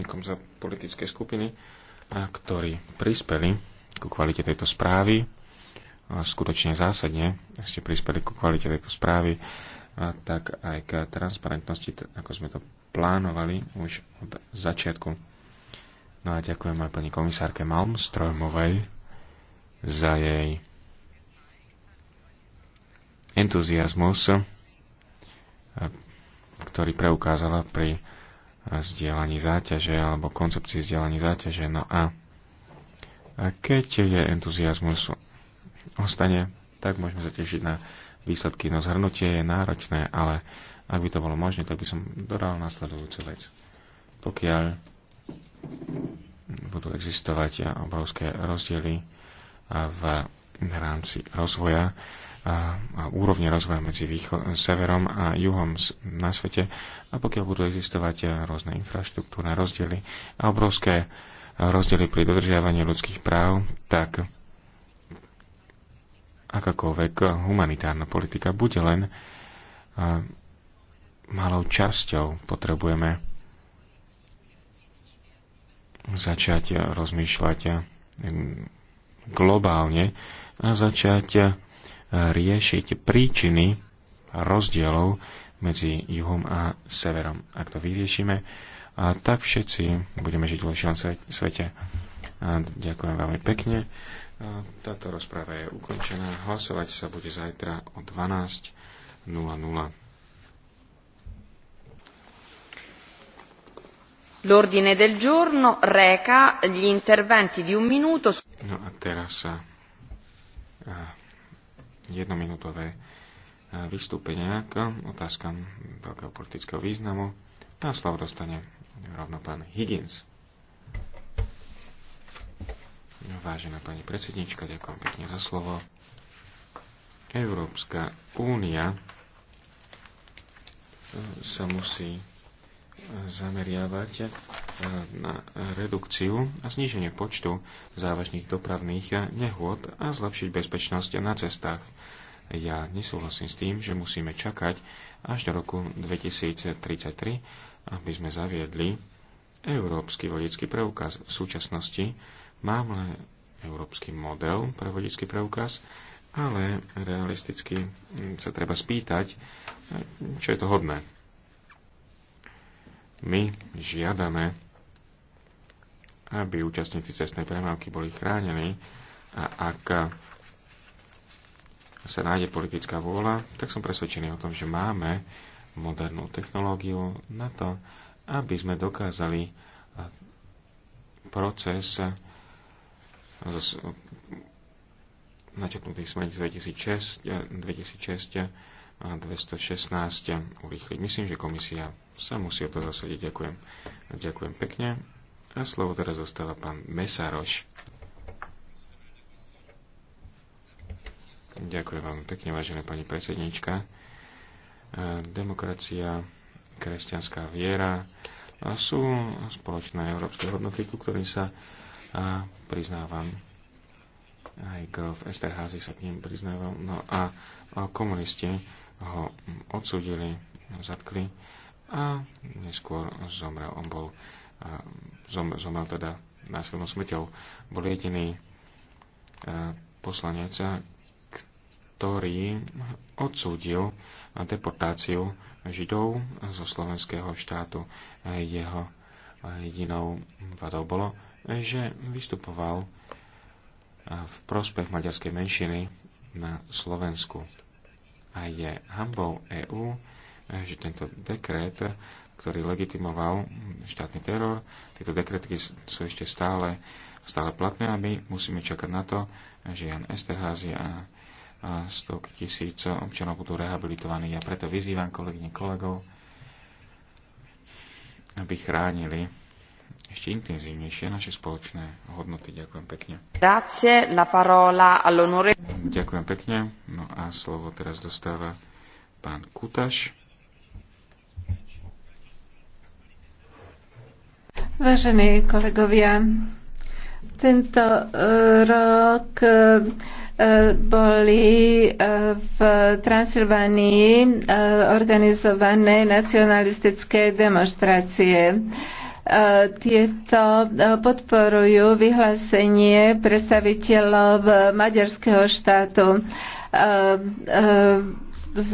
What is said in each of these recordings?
rečníkom za politickej skupiny, ktorí prispeli ku kvalite tejto správy. Skutočne zásadne ste prispeli ku kvalite tejto správy, a tak aj k transparentnosti, ako sme to plánovali už od začiatku. No a ďakujem aj pani komisárke Malmstrojmovej za jej entuziasmus, ktorý preukázala pri zdieľaní záťaže alebo koncepcii zdieľaní záťaže. No a, a keď je entuziasmus ostane, tak môžeme sa tešiť na výsledky. No zhrnutie je náročné, ale ak by to bolo možné, tak by som dodal nasledujúcu vec. Pokiaľ budú existovať obrovské rozdiely v rámci rozvoja, a, a úrovne rozvoja medzi výcho- severom a juhom na svete a pokiaľ budú existovať e, rôzne infraštruktúrne rozdiely a obrovské rozdiely pri dodržiavaní ľudských práv, tak akákoľvek humanitárna politika bude len malou časťou. Potrebujeme začať rozmýšľať e, globálne a začať riešiť príčiny rozdielov medzi juhom a severom. Ak to vyriešime, tak všetci budeme žiť v lepšom svete. A ďakujem veľmi pekne. Táto rozpráva je ukončená. Hlasovať sa bude zajtra o 12.00. L'ordine del giorno reca gli interventi di un minuto. No, a teraz sa... A jednominútové e, vystúpenia k otázkam veľkého politického významu. Tá slovo dostane rovno pán Higgins. Vážená pani predsednička, ďakujem pekne za slovo. Európska únia e, sa musí zameriavať na redukciu a zníženie počtu závažných dopravných nehôd a zlepšiť bezpečnosť na cestách. Ja nesúhlasím s tým, že musíme čakať až do roku 2033, aby sme zaviedli európsky vodický preukaz. V súčasnosti máme európsky model pre vodický preukaz, ale realisticky sa treba spýtať, čo je to hodné. My žiadame aby účastníci cestnej premávky boli chránení a ak sa nájde politická vôľa, tak som presvedčený o tom, že máme modernú technológiu na to, aby sme dokázali proces načetnutý smerníc 2006, 2006 a 216 urýchliť. Myslím, že komisia sa musí o to zasadiť. Ďakujem. Ďakujem pekne. A slovo teraz zostáva pán Mesaroš. Ďakujem vám pekne, vážená pani predsednička. E, demokracia, kresťanská viera sú spoločné európske hodnoty, ku ktorým sa priznávam. Aj grof Esterházy sa k ním priznávam. No a komunisti ho odsudili, zatkli a neskôr zomrel. On bol zomrel teda násilnou smrťou. Bol jediný e, poslanec, ktorý odsúdil deportáciu Židov zo slovenského štátu. E, jeho jedinou vadou bolo, že vystupoval e, v prospech maďarskej menšiny na Slovensku. A je hambou EÚ, že tento dekret ktorý legitimoval štátny teror. Tieto dekretky sú ešte stále, stále platné a my musíme čakať na to, že Jan Esterházy a, a stovky tisíc občanov budú rehabilitovaní. Ja preto vyzývam kolegyne kolegov, aby chránili ešte intenzívnejšie naše spoločné hodnoty. Ďakujem pekne. Grazie, la parola all'onore. Ďakujem pekne. No a slovo teraz dostáva pán Kutaš. Vážení kolegovia, tento eh, rok eh, boli eh, v Transylvánii organizované nacionalistické demonstrácie tieto podporujú vyhlásenie predstaviteľov maďarského štátu z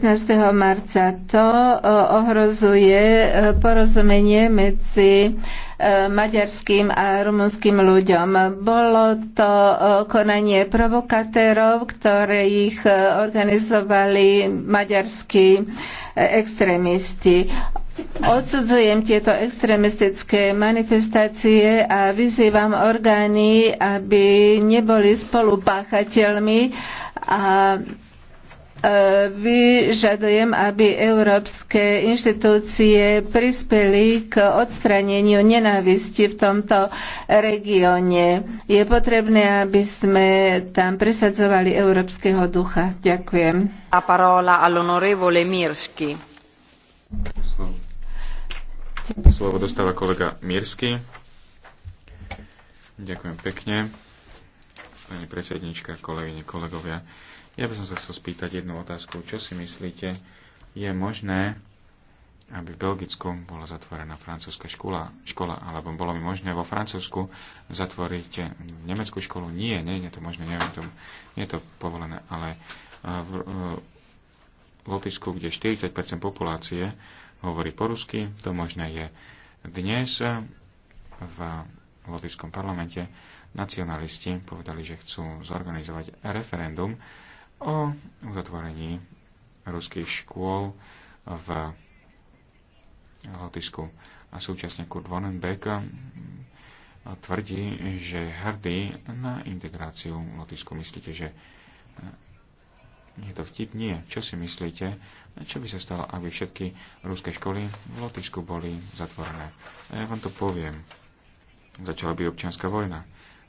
15. marca. To e, ohrozuje e, porozumenie medzi e, maďarským a rumunským ľuďom. Bolo to konanie provokatérov, ktoré ich organizovali maďarskí extrémisti. Odsudzujem tieto extrémistické manifestácie a vyzývam orgány, aby neboli spolupáchateľmi a vyžadujem, aby európske inštitúcie prispeli k odstraneniu nenávisti v tomto regióne. Je potrebné, aby sme tam presadzovali európskeho ducha. Ďakujem. A parola all'onorevole Mirsky. Slovo. Slovo dostáva kolega Mirsky. Ďakujem pekne. Pani predsednička, kolegyne, kolegovia. Ja by som sa chcel spýtať jednu otázku. Čo si myslíte, je možné, aby v Belgicku bola zatvorená francúzska škola, škola alebo bolo mi možné vo Francúzsku zatvoriť nemeckú školu? Nie, nie, nie je to možné, neviem, to, nie je to povolené, ale e, v, e, v Lotisku, kde 40% populácie hovorí po rusky, to možné je dnes v Lotyšskom parlamente nacionalisti povedali, že chcú zorganizovať referendum o uzatvorení ruských škôl v Lotisku. A súčasne Kurt Vonenbeck tvrdí, že je hrdý na integráciu Lotisku. Myslíte, že eh, je to vtip? Nie. Čo si myslíte? Čo by sa stalo, aby všetky ruské školy v Lotisku boli zatvorené? A ja vám to poviem. Začala by občianská vojna.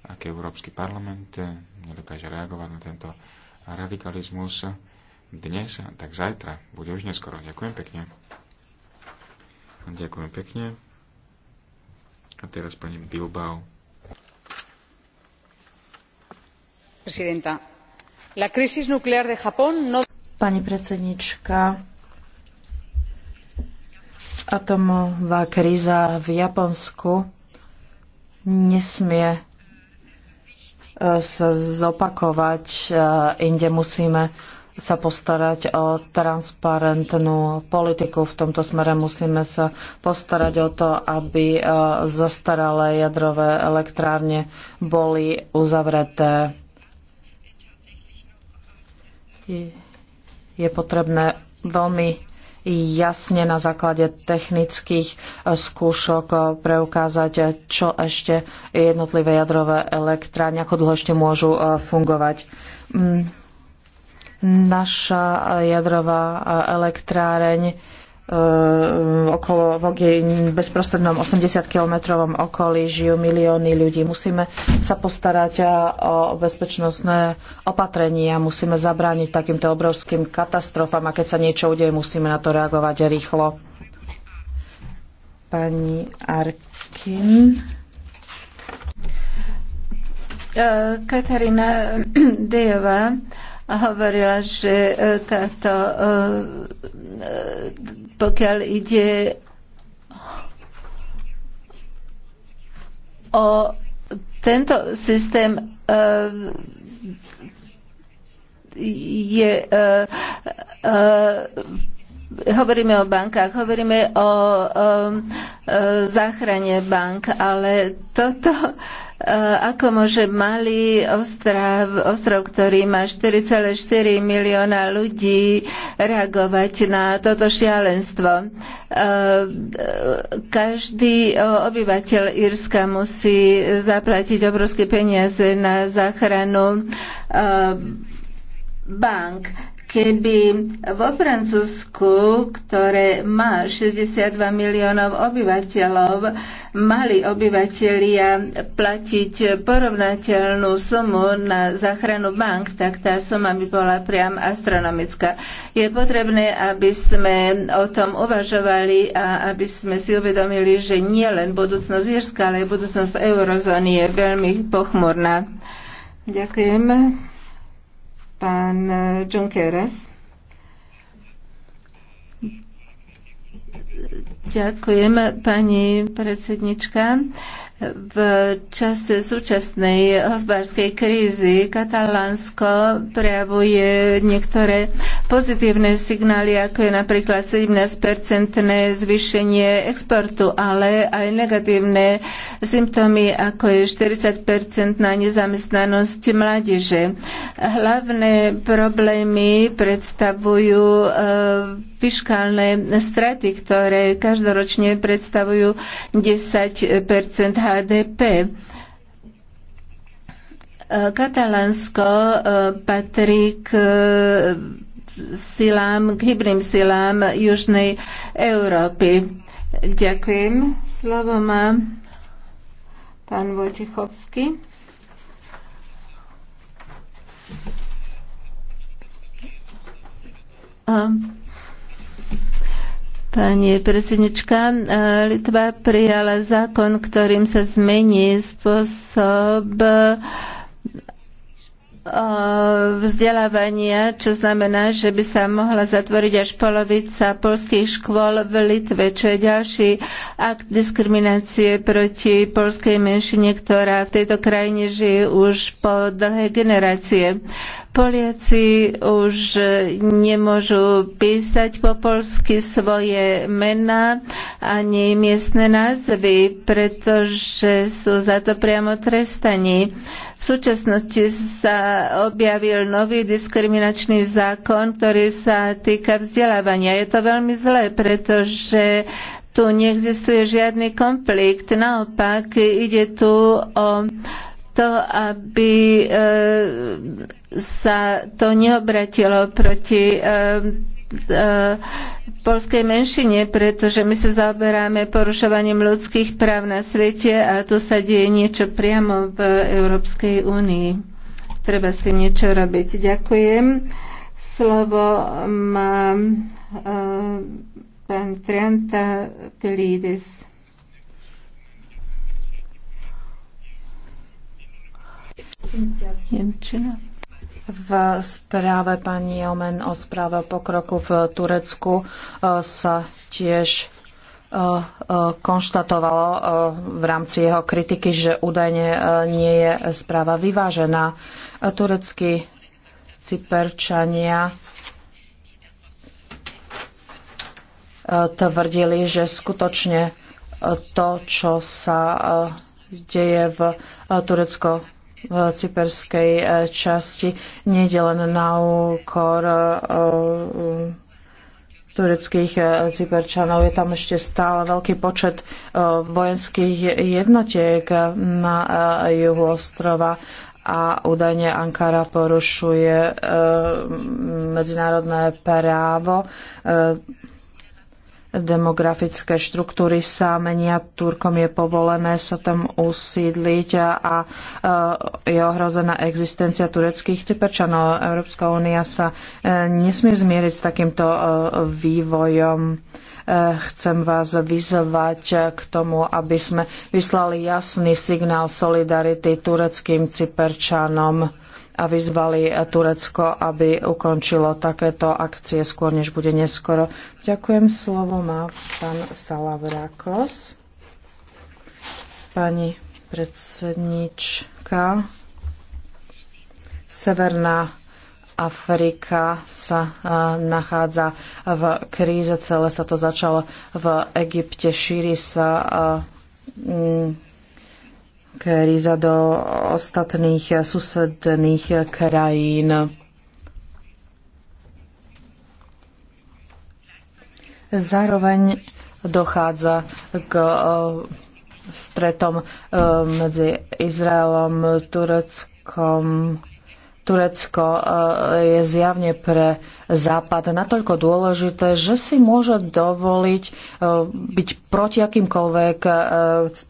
Aký Európsky parlament eh, nedokáže reagovať na tento a radikalizmus dnes, tak zajtra. Bude už neskoro. Ďakujem pekne. Ďakujem pekne. A teraz pani Bilbao. Presidenta, la crisis nuclear de Japón no... Pani predsednička, atomová kríza v Japonsku nesmie sa zopakovať. E, inde musíme sa postarať o transparentnú politiku. V tomto smere musíme sa postarať o to, aby e, zastaralé jadrové elektrárne boli uzavreté. Je potrebné veľmi jasne na základe technických e, skúšok e, preukázať, e, čo ešte jednotlivé jadrové elektrárne, ako dlho ešte môžu fungovať. Mm. Naša jadrová elektráreň Eh, okolo, v bezprostrednom 80-kilometrovom okolí žijú milióny ľudí. Musíme sa postarať eh, o bezpečnostné opatrenia, musíme zabrániť takýmto obrovským katastrofám a keď sa niečo udeje, musíme na to reagovať rýchlo. Pani Arkin. Eh, Katarína Dejová hovorila, že e, táto, e, e, pokiaľ ide o tento systém je hovoríme o bankách, hovoríme o, o, o záchrane bank, ale toto Eh, ako môže malý ostrov, ostrov ktorý má 4,4 milióna ľudí, reagovať na toto šialenstvo? Eh, každý eh, obyvateľ Írska musí zaplatiť obrovské peniaze na záchranu bank. Keby vo Francúzsku, ktoré má 62 miliónov obyvateľov, mali obyvateľia platiť porovnateľnú sumu na záchranu bank, tak tá suma by bola priam astronomická. Je potrebné, aby sme o tom uvažovali a aby sme si uvedomili, že nie len budúcnosť Jirska, ale aj budúcnosť eurozóny je veľmi pochmurná. Ďakujem pán e, Junqueras. Ďakujem, pani predsednička. V čase súčasnej hospodárskej krízy Katalánsko prejavuje niektoré pozitívne signály, ako je napríklad 17-percentné zvýšenie exportu, ale aj negatívne symptómy, ako je 40-percentná nezamestnanosť mládeže. Hlavné problémy predstavujú eh, fiskálne straty, ktoré každoročne predstavujú 10 HDP. Katalánsko eh, patrí k eh, silám, k hybrým silám Južnej Európy. Ďakujem. Slovo má pán Vojtichovský. Um, Pani predsednička, e, Litva prijala zákon, ktorým sa zmení spôsob e, vzdelávania, čo znamená, že by sa mohla zatvoriť až polovica polských škôl v Litve, čo je ďalší akt diskriminácie proti polskej menšine, ktorá v tejto krajine žije už po dlhé generácie. Poliaci už nemôžu písať po polsky svoje mená ani miestne názvy, pretože sú za to priamo trestaní. V súčasnosti sa objavil nový diskriminačný zákon, ktorý sa týka vzdelávania. Je to veľmi zlé, pretože tu neexistuje žiadny konflikt. Naopak ide tu o to, aby e, sa to neobratilo proti e, e, polskej menšine, pretože my sa zaoberáme porušovaním ľudských práv na svete a tu sa deje niečo priamo v Európskej únii. Treba s tým niečo robiť. Ďakujem. Slovo má pán Trianta Pelides. Nemčina. V správe pani Omen o správe o pokroku v Turecku e, sa tiež e, e, konštatovalo v rámci jeho kritiky, že údajne nie je správa vyvážená. Tureckí Cyperčania tvrdili, že skutočne to, čo sa deje v Turecko cyperskej e, časti. Nejde je len na úkor e, e, tureckých cyperčanov. Je tam ešte stále veľký počet vojenských jednotiek na juhu ostrova a údajne Ankara porušuje medzinárodné právo demografické štruktúry sa menia, Turkom je povolené sa tam usídliť a, a e, je ohrozená existencia tureckých cyperčanov. Európska únia sa e, nesmie zmieriť s takýmto e, vývojom. Chcem vás vyzvať k tomu, aby sme vyslali jasný signál solidarity tureckým cyperčanom a vyzvali eh, Turecko, aby ukončilo takéto akcie skôr, než bude neskoro. Ďakujem. Slovo má pán Salavrakos. Pani predsednička, Severná Afrika sa eh, nachádza v kríze. Celé sa to začalo v Egypte, šíri sa eh, kríza do ostatných susedných krajín. Zároveň dochádza k e, stretom e, medzi Izraelom, Tureckom, Turecko e, je zjavne pre Západ natoľko dôležité, že si môže dovoliť e, byť proti akýmkoľvek e,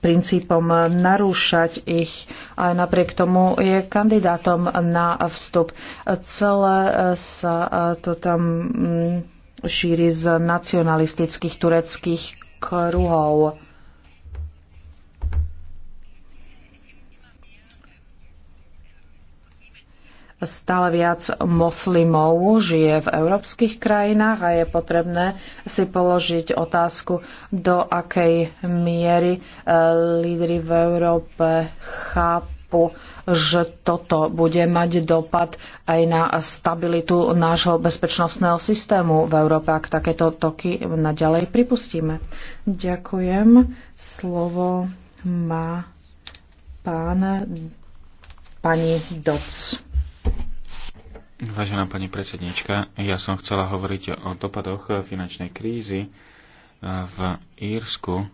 princípom, narúšať ich. Aj napriek tomu je kandidátom na vstup. Celé sa to tam mm, šíri z nacionalistických tureckých kruhov. Stále viac moslimov žije v európskych krajinách a je potrebné si položiť otázku, do akej miery e, lídry v Európe chápu, že toto bude mať dopad aj na stabilitu nášho bezpečnostného systému v Európe, ak takéto toky naďalej pripustíme. Ďakujem. Slovo má pán pani Doc. Vážená pani predsednička, ja som chcela hovoriť o dopadoch finančnej krízy e, v Írsku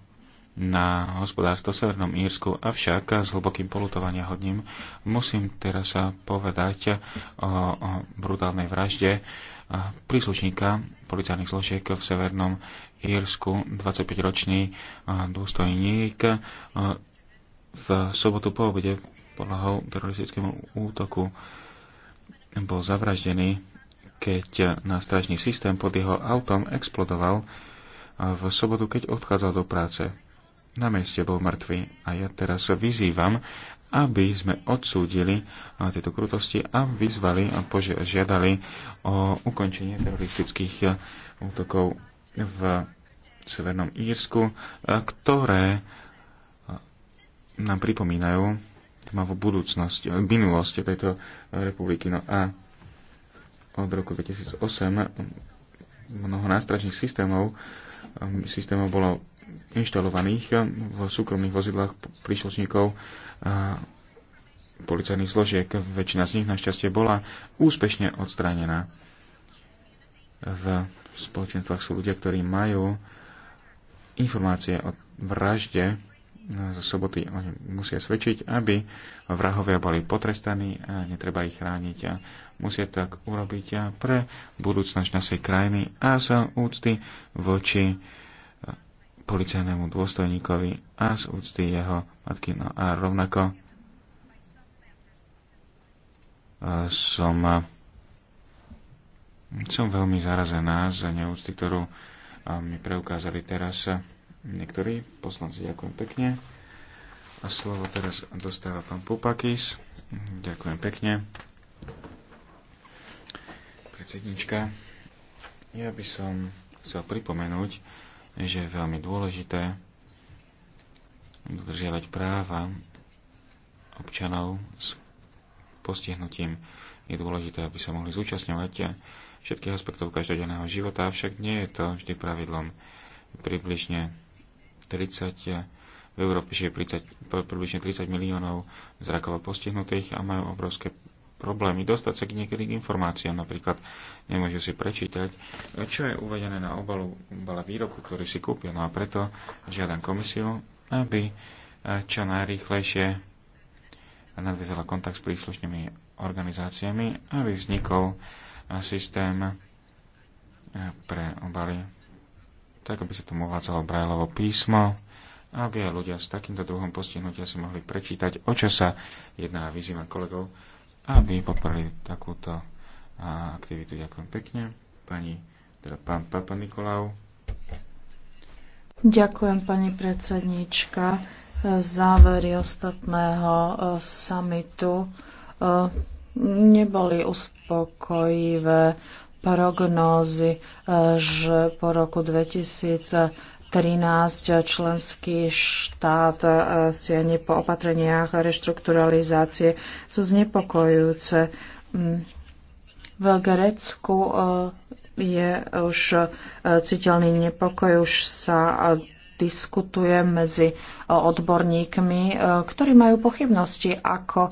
na hospodárstvo v Severnom Írsku, avšak s hlbokým polutovania hodním musím teraz povedať o, o brutálnej vražde e, príslušníka policajných zložiek v Severnom Írsku, 25-ročný e, dôstojník v sobotu po obede podľahol teroristickému útoku bol zavraždený, keď nástražný systém pod jeho autom explodoval v sobotu, keď odchádzal do práce. Na mieste bol mŕtvy a ja teraz vyzývam, aby sme odsúdili tieto krutosti a vyzvali a požiadali o ukončenie teroristických útokov v Severnom Írsku, ktoré nám pripomínajú tmavú budúcnosť, minulosť tejto republiky. No a od roku 2008 mnoho nástražných systémov, um, systémov bolo inštalovaných um, v súkromných vozidlách príslušníkov uh, policajných zložiek. Väčšina z nich našťastie bola úspešne odstránená. V spoločenstvách sú ľudia, ktorí majú informácie o vražde zo soboty oni musia svedčiť, aby vrahovia boli potrestaní a netreba ich chrániť a musia tak urobiť a pre budúcnosť našej krajiny a z úcty voči e, policajnému dôstojníkovi a z úcty jeho matky. No a rovnako e, som, e, som veľmi zarazená za neúcty, ktorú mi preukázali teraz niektorí poslanci. Ďakujem pekne. A slovo teraz dostáva pán Pupakis. Ďakujem pekne. Predsednička, ja by som chcel pripomenúť, že je veľmi dôležité dodržiavať práva občanov s postihnutím. Je dôležité, aby sa mohli zúčastňovať všetkých aspektov každodenného života, avšak nie je to vždy pravidlom približne 30, eh, v Európe je 30, približne 30 miliónov zrakovo postihnutých a majú obrovské problémy dostať sa k niekedy k informáciám. Napríklad nemôžu si prečítať, eh, čo je uvedené na obalu, obala výrobku, ktorý si kúpil. No a preto žiadam komisiu, aby eh, čo najrýchlejšie nadviezala kontakt s príslušnými organizáciami, aby vznikol systém pre obaly tak aby sa tomu uvádzalo Brajlovo písmo, aby aj ľudia s takýmto druhom postihnutia si mohli prečítať, o čo sa jedná a vyzývam kolegov, aby podporili takúto aktivitu. Ďakujem pekne. Pani, teda pán Papa Nikolau. Ďakujem, pani predsednička. Závery ostatného e, samitu e, neboli uspokojivé prognózy, eh, že po roku 2013 členský štát eh, ani po opatreniach reštrukturalizácie sú znepokojujúce. Mm. V Grécku eh, je už citeľný nepokoj, už sa diskutuje medzi e, odborníkmi, e, ktorí majú pochybnosti, ako e,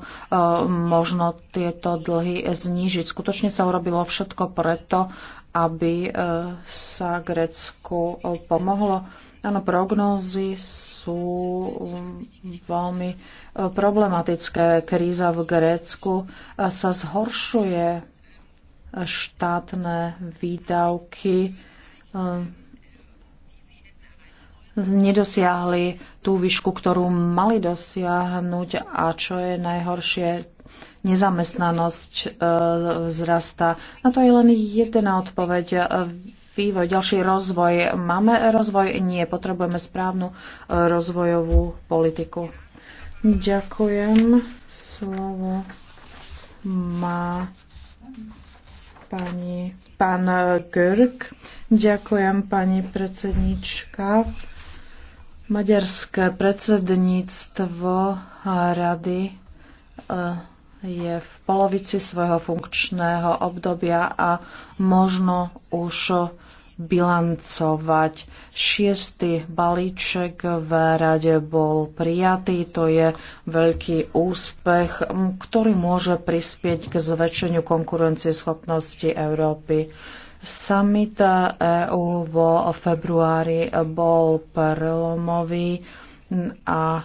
možno tieto dlhy znížiť. Skutočne sa urobilo všetko preto, aby sa Grécku pomohlo. Áno, prognózy sú veľmi problematické. Kríza v Grécku sa zhoršuje štátne výdavky nedosiahli tú výšku, ktorú mali dosiahnuť a čo je najhoršie, nezamestnanosť e, vzrasta. Na to je len jedna odpoveď vývoj, ďalší rozvoj. Máme rozvoj? Nie, potrebujeme správnu e, rozvojovú politiku. Ďakujem. Slovo má pani, pán Görg. Ďakujem, pani predsednička. Maďarské predsedníctvo rady eh, je v polovici svojho funkčného obdobia a možno už bilancovať. Šiestý balíček v rade bol prijatý. To je veľký úspech, ktorý môže prispieť k zväčšeniu konkurencieschopnosti Európy. Summit EU vo februári bol prelomový a e,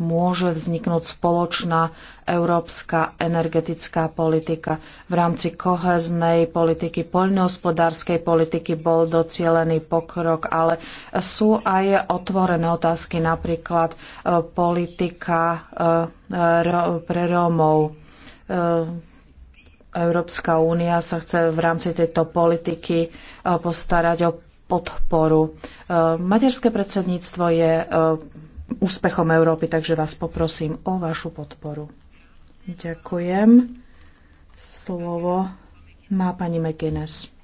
môže vzniknúť spoločná európska energetická politika. V rámci koheznej politiky, poľnohospodárskej politiky bol docielený pokrok, ale sú aj otvorené otázky, napríklad e, politika e, pre Rómov Európska únia sa chce v rámci tejto politiky e, postarať o podporu. E, maďarské predsedníctvo je e, úspechom Európy, takže vás poprosím o vašu podporu. Ďakujem. Slovo má pani McGuinness.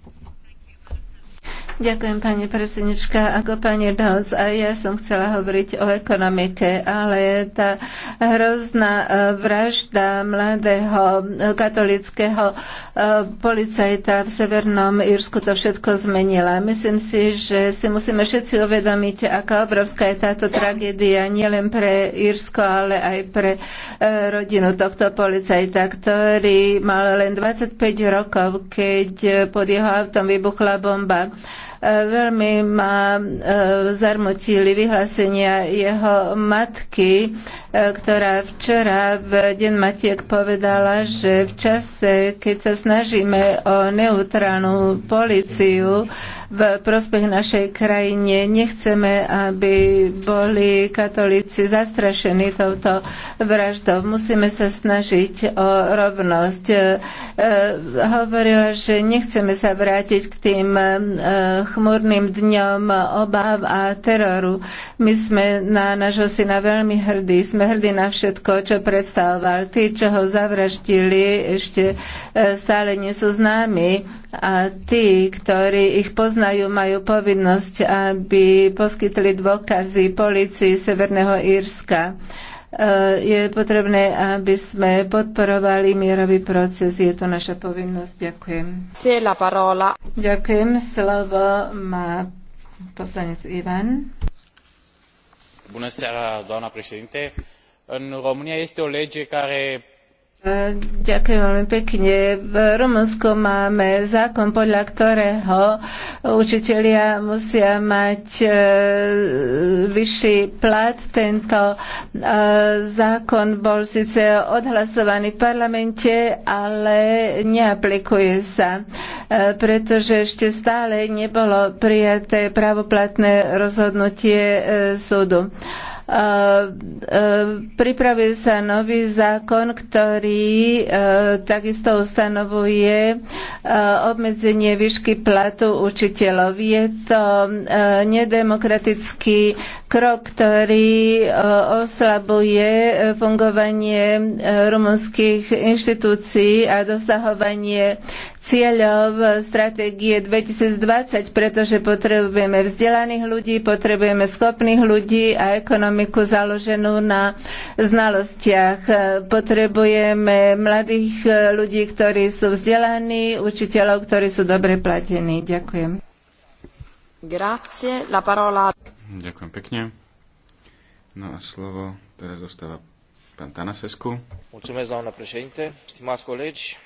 Ďakujem, pani predsednička. Ako pani Dodds, a ja som chcela hovoriť o ekonomike, ale tá hrozná e, vražda mladého e, katolického e, policajta v Severnom Írsku to všetko zmenila. Myslím si, že si musíme všetci uvedomiť, aká obrovská je táto tragédia nielen pre Írsko, ale aj pre rodinu tohto policajta, ktorý mal len 25 rokov, keď pod jeho autom vybuchla bomba. Veľmi ma e, zarmotili vyhlásenia jeho matky, ktorá včera v Deň Matiek povedala, že v čase, keď sa snažíme o neutrálnu policiu v prospech našej krajine, nechceme, aby boli katolíci zastrašení touto vraždou. Musíme sa snažiť o rovnosť. E, hovorila, že nechceme sa vrátiť k tým e, chmurným dňom obáv a teroru. My sme na nášho syna veľmi hrdí, sme hrdý na všetko, čo predstavoval. Tí, čo ho zavraždili, ešte e, stále nie sú známi a tí, ktorí ich poznajú, majú povinnosť, aby poskytli dôkazy policii Severného Írska e, je potrebné, aby sme podporovali mierový proces. Je to naša povinnosť. Ďakujem. Cieľa parola. Ďakujem. Slovo má poslanec Ivan. Buonasera, seara, presidente în România este o lege care Ďakujem veľmi pekne. V Rumunsku máme zákon, podľa ktorého učitelia musia mať e, vyšší plat. Tento e, zákon bol síce odhlasovaný v parlamente, ale neaplikuje sa, e, pretože ešte stále nebolo prijaté pravoplatné rozhodnutie súdu. Eh, eh, pripravil sa nový zákon, ktorý eh, takisto ustanovuje obmedzenie výšky platu učiteľov. Je to nedemokratický krok, ktorý oslabuje fungovanie rumunských inštitúcií a dosahovanie cieľov stratégie 2020, pretože potrebujeme vzdelaných ľudí, potrebujeme schopných ľudí a ekonomických ekonomiku založenú na znalostiach. Potrebujeme mladých ľudí, ktorí sú vzdelaní, učiteľov, ktorí sú dobre platení. Ďakujem. Grazie, la parola. Ďakujem pekne. No a slovo teraz zostáva pán Tanasescu. Mulțumesc, doamna președinte, stimați colegi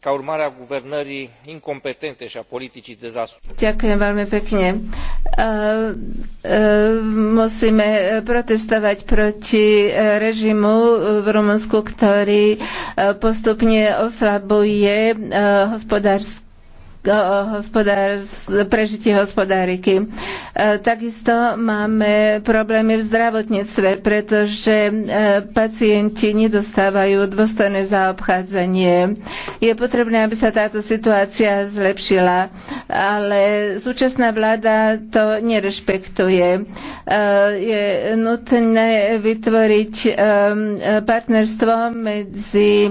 ca urmare a guvernării incompetente și a politicii dezastruoase. Ďakujem veľmi pekne. E, e, musíme protestovať proti e, režimu v Rumunsku, ktorý postupne oslabuje hospodárske prežitie hospodáriky. E, takisto máme problémy v zdravotníctve, pretože e, pacienti nedostávajú dôstojné zaobchádzanie. Je potrebné, aby sa táto situácia zlepšila, ale súčasná vláda to nerešpektuje. E, je nutné vytvoriť partnerstvo medzi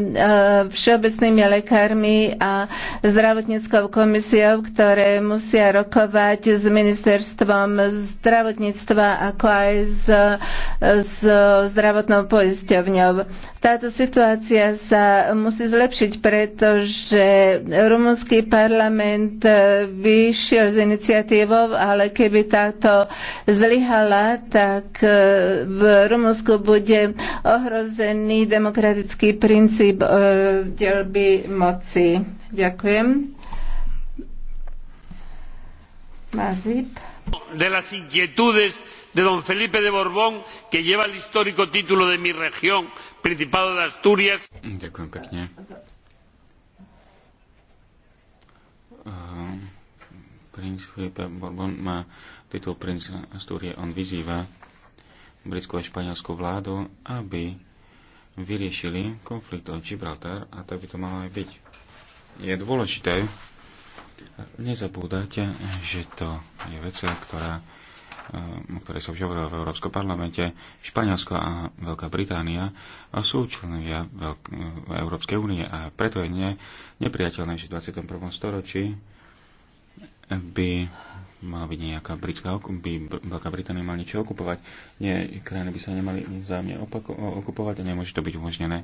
všeobecnými lekármi a zdravotníckou komisiou komisiou, ktoré musia rokovať s ministerstvom zdravotníctva ako aj s, s zdravotnou poisťovňou. Táto situácia sa musí zlepšiť, pretože rumunský parlament vyšiel z iniciatívou, ale keby táto zlyhala, tak v Rumunsku bude ohrozený demokratický princíp eh, delby moci. Ďakujem de las inquietudes de don Felipe de Borbón, que lleva el histórico título de mi región, Principado de Asturias. Ďakujem pekne. princ Felipe Borbón má titul princ Astúrie. On vyzýva britskú a španielskú vládu, aby vyriešili konflikt o Gibraltar a tak by to malo aj byť. Je dôležité, Nezabúdajte, že to je vec, ktorá, eh, o ktorej sa už hovorilo v Európskom parlamente. Španielsko a Veľká Británia sú členovia eh, Európskej únie a preto je ne, nepriateľné, že v 21. storočí by mala byť nejaká britská, by Veľká Británia mala niečo okupovať. Nie, krajiny by sa nemali vzájomne okupovať a nemôže to byť umožnené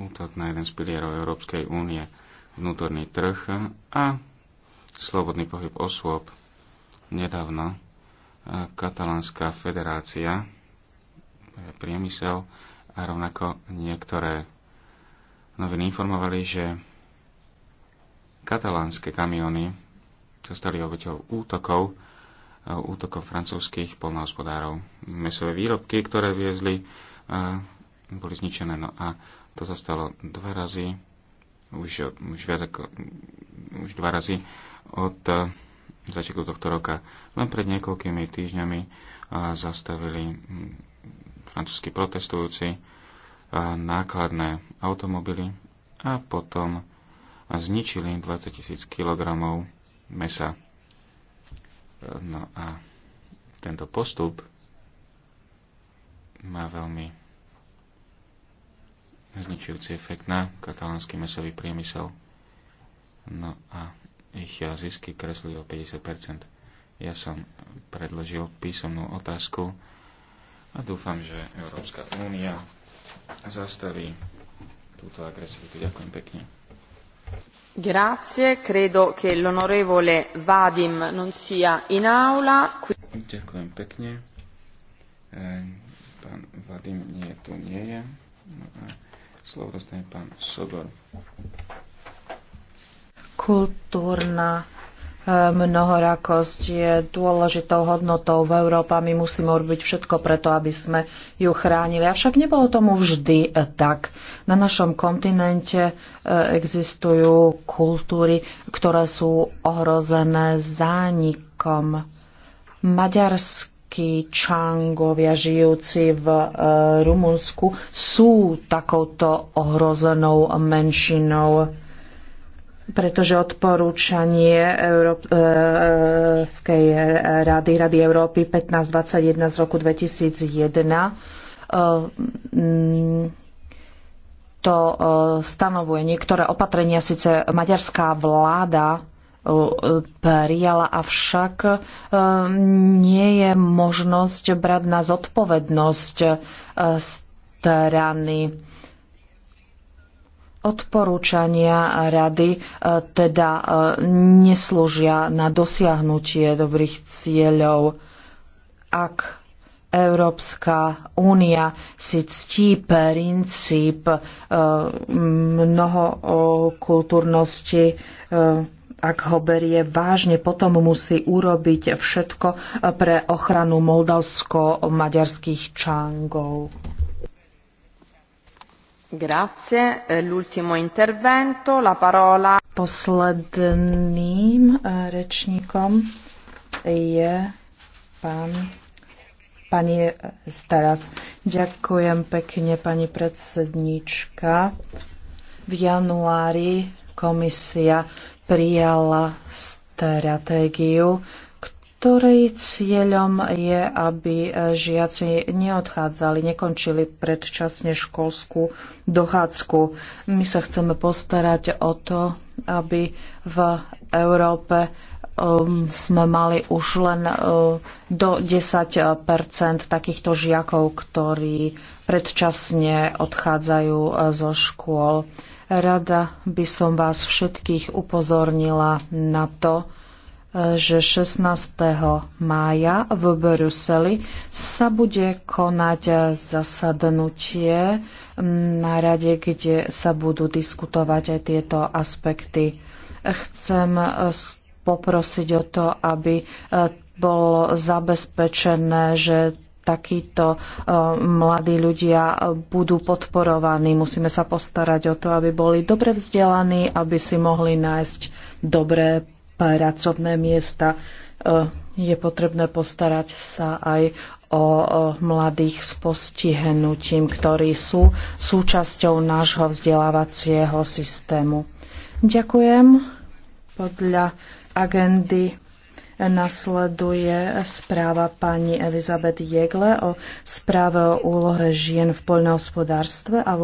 útok na jeden z pilierov Európskej únie, vnútorný trh a slobodný pohyb osôb. Nedávno eh, Katalánska federácia pre eh, priemysel a rovnako niektoré noviny informovali, že katalánske kamiony sa stali obeťou útokov, eh, útokov francúzských polnohospodárov. Mesové výrobky, ktoré viezli, boli zničené. No a to sa stalo dva razy, už, už, viac ako, už dva razy od eh, začiatku tohto roka. Len pred niekoľkými týždňami eh, zastavili hm, francúzsky protestujúci eh, nákladné automobily a potom zničili 20 tisíc kilogramov mesa. No a tento postup má veľmi zničujúci efekt na katalánsky mesový priemysel. No a ich zisky kreslili o 50%. Ja som predložil písomnú otázku a dúfam, že Európska únia zastaví túto agresivitu. Ďakujem pekne. Grazie, credo che l'onorevole Vadim non sia in aula. Ďakujem pekne. Eh, pán Vadim nie tu nie je. No a Slovo dostane pán Sogor. Kultúrna e, mnohorakosť je dôležitou hodnotou v Európe. My musíme urobiť všetko preto, aby sme ju chránili. Avšak nebolo tomu vždy e, tak. Na našom kontinente e, existujú kultúry, ktoré sú ohrozené zánikom. Maďarsk Roky Čangovia žijúci v e, Rumunsku sú takouto ohrozenou menšinou pretože odporúčanie e, Európskej rady, Rady Európy 1521 z roku 2001 e, to stanovuje. Niektoré opatrenia síce maďarská vláda prijala, avšak e, nie je možnosť brať na zodpovednosť e, strany odporúčania rady e, teda neslúžia na dosiahnutie dobrých cieľov. Ak Európska únia si ctí princíp mnohokultúrnosti, ak ho berie vážne, potom musí urobiť všetko pre ochranu moldavsko-maďarských čangov. Grazie. L'ultimo intervento, la parola... Posledným eh, rečníkom je pán pani eh, Staras. Ďakujem pekne, pani predsednička. V januári komisia prijala stratégiu, ktorej cieľom je, aby žiaci neodchádzali, nekončili predčasne školskú dochádzku. My sa chceme postarať o to, aby v Európe um, sme mali už len uh, do 10 takýchto žiakov, ktorí predčasne odchádzajú uh, zo škôl. Uh, Rada by som vás všetkých upozornila na to, že 16. mája v Bruseli sa bude konať zasadnutie na rade, kde sa budú diskutovať aj tieto aspekty. Chcem poprosiť o to, aby bolo zabezpečené, že takíto e, mladí ľudia budú podporovaní. Musíme sa postarať o to, aby boli dobre vzdelaní, aby si mohli nájsť dobré pracovné miesta. E, je potrebné postarať sa aj o mladých s postihnutím, ktorí sú súčasťou nášho vzdelávacieho systému. Ďakujem. Podľa agendy Nasleduje správa pani Elizabeth Jegle o správe o úlohe žien v poľnohospodárstve a